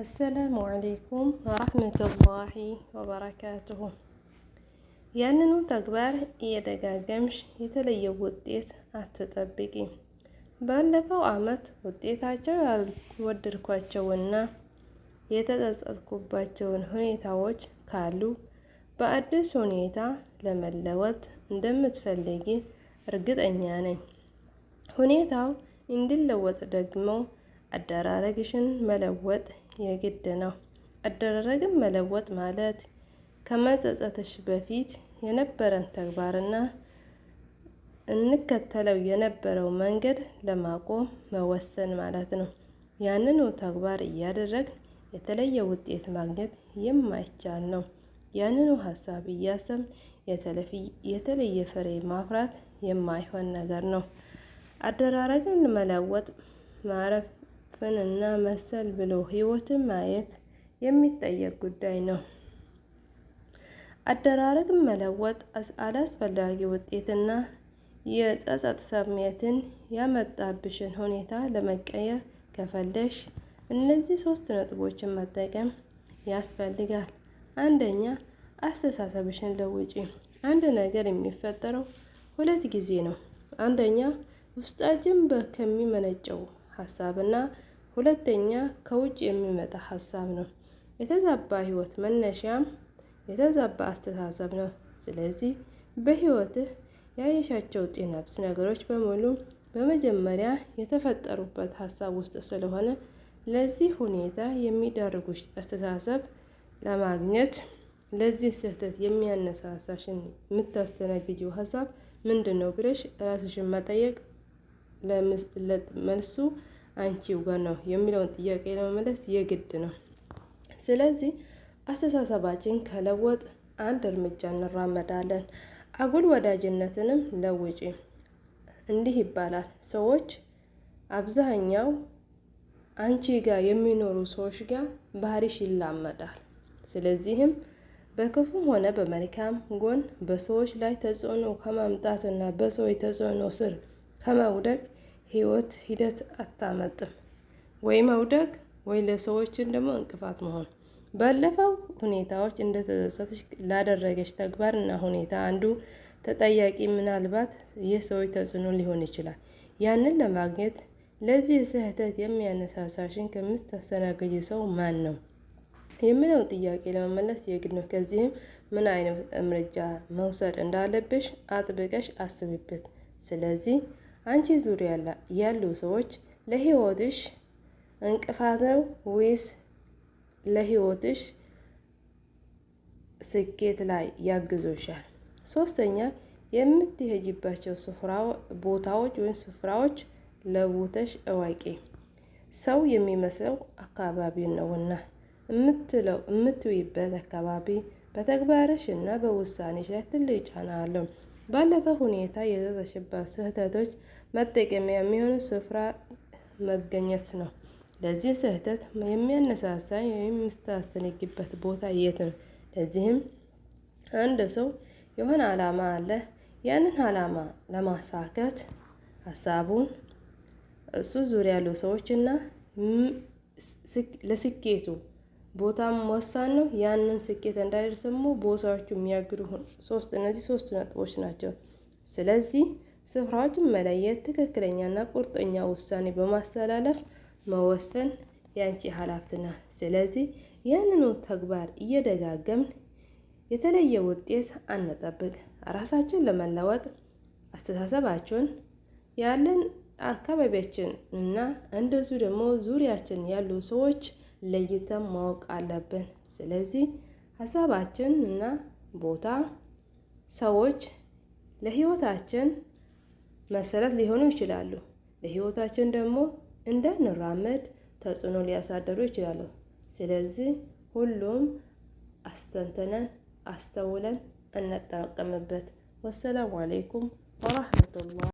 አሰላሙ አሌይኩም ወረህመቱላሂ ወበረካቱሁ። ያንኑ ተግባር እየደጋገምሽ የተለየ ውጤት አትጠብቂ። ባለፈው አመት ውጤታቸው ያልወደድኳቸውና የተጸጸትኩባቸውን ሁኔታዎች ካሉ በአዲስ ሁኔታ ለመለወጥ እንደምትፈልጊ እርግጠኛ ነኝ። ሁኔታው እንዲለወጥ ደግሞ አደራረግሽን መለወጥ የግድ ነው። አደራረግን መለወጥ ማለት ከመጸጸትሽ በፊት የነበረን ተግባርና እንከተለው የነበረው መንገድ ለማቆም መወሰን ማለት ነው። ያንኑ ተግባር እያደረግን የተለየ ውጤት ማግኘት የማይቻል ነው። ያንኑ ሀሳብ እያሰብን የተለየ ፍሬ ማፍራት የማይሆን ነገር ነው። አደራረግን መለወጥ ማረፍ ፍንና እና መሰል ብሎ ህይወትን ማየት የሚጠየቅ ጉዳይ ነው። አደራረግ መለወጥ አላስፈላጊ ውጤትና የጸጸት ስሜትን ያመጣብሽን ሁኔታ ለመቀየር ከፈለሽ እነዚህ ሶስት ነጥቦችን መጠቀም ያስፈልጋል። አንደኛ አስተሳሰብሽን ለውጪ። አንድ ነገር የሚፈጠረው ሁለት ጊዜ ነው። አንደኛ ውስጣችን ከሚመነጨው ሀሳብና ሁለተኛ ከውጭ የሚመጣ ሀሳብ ነው። የተዛባ ህይወት መነሻም የተዛባ አስተሳሰብ ነው። ስለዚህ በህይወትህ ያየሻቸው ጤና ቢስ ነገሮች በሙሉ በመጀመሪያ የተፈጠሩበት ሀሳብ ውስጥ ስለሆነ ለዚህ ሁኔታ የሚደርጉሽ አስተሳሰብ ለማግኘት ለዚህ ስህተት የሚያነሳሳሽን የምታስተናግጂው ሀሳብ ምንድን ነው ብለሽ ራስሽን መጠየቅ መልሱ አንቺው ጋር ነው የሚለውን ጥያቄ ለመመለስ የግድ ነው። ስለዚህ አስተሳሰባችን ከለወጥ አንድ እርምጃ እንራመዳለን። አጉል ወዳጅነትንም ለውጪ። እንዲህ ይባላል፣ ሰዎች አብዛኛው አንቺ ጋር የሚኖሩ ሰዎች ጋር ባህሪሽ ይላመዳል። ስለዚህም በክፉም ሆነ በመልካም ጎን በሰዎች ላይ ተጽዕኖ ከማምጣትና በሰዎች ተጽዕኖ ስር ከመውደቅ ህይወት ሂደት አታመጥም። ወይ መውደቅ ወይ ለሰዎችን ደግሞ እንቅፋት መሆን። ባለፈው ሁኔታዎች እንደተደሰተች ላደረገች ተግባር እና ሁኔታ አንዱ ተጠያቂ ምናልባት የሰዎች ተጽዕኖ ሊሆን ይችላል። ያንን ለማግኘት ለዚህ ስህተት የሚያነሳሳሽን ከምታስተናግጅ ሰው ማን ነው የሚለውን ጥያቄ ለመመለስ የግድ ነው። ከዚህም ምን አይነት እርምጃ መውሰድ እንዳለብሽ አጥብቀሽ አስብበት። ስለዚህ አንቺ ዙሪያ ያሉ ሰዎች ለህይወትሽ እንቅፋት ነው ወይስ ለህይወትሽ ስኬት ላይ ያግዞሻል? ሶስተኛ የምትሄጂባቸው ቦታዎች ወይም ስፍራዎች ለውተሽ እወቂ። ሰው የሚመስለው አካባቢ ነውና የምትለው የምትውይበት አካባቢ በተግባርሽ እና በውሳኔሽ ላይ ትልቅ ጫና አለው። ባለፈ ሁኔታ የደረሰባት ስህተቶች መጠቀሚያ የሚሆኑ ስፍራ መገኘት ነው። ለዚህ ስህተት የሚያነሳሳ የሚያስተነግበት ቦታ የት ነው? ለዚህም አንድ ሰው የሆነ ዓላማ አለ። ያንን ዓላማ ለማሳከት ሀሳቡን እሱ ዙሪያ ያሉ ሰዎችና ለስኬቱ ቦታም ወሳኝ ነው። ያንን ስኬት እንዳይደርስ ደግሞ ቦታዎቹ የሚያግዱ ሶስት እነዚህ ሶስት ነጥቦች ናቸው። ስለዚህ ስፍራዎችን መለየት፣ ትክክለኛና ቁርጠኛ ውሳኔ በማስተላለፍ መወሰን ያንቺ ኃላፊነትና ስለዚህ ያንኑ ተግባር እየደጋገምን የተለየ ውጤት አንጠብቅ። ራሳችን ለመለወጥ አስተሳሰባችን ያለን አካባቢያችን እና እንደዚሁ ደግሞ ዙሪያችን ያሉ ሰዎች ለይተን ማወቅ አለብን። ስለዚህ ሀሳባችን እና ቦታ ሰዎች ለህይወታችን መሰረት ሊሆኑ ይችላሉ። ለህይወታችን ደግሞ እንዳንራመድ ተጽዕኖ ሊያሳደሩ ይችላሉ። ስለዚህ ሁሉም አስተንተነን አስተውለን እንጠቀምበት። ወሰላሙ አሌይኩም ወራህመቱላህ